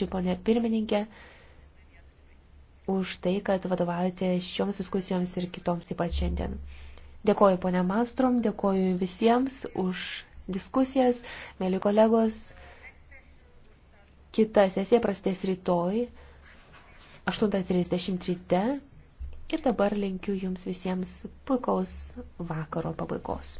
ačiū ponė pirmininkė už tai, kad vadovaujate šioms diskusijoms ir kitoms taip pat šiandien. Dėkoju ponė Mastrom, dėkoju visiems už diskusijas, mėly kolegos. Kita sesija prasidės rytoj 8.30 ryte ir dabar linkiu jums visiems puikaus vakaro pabaigos.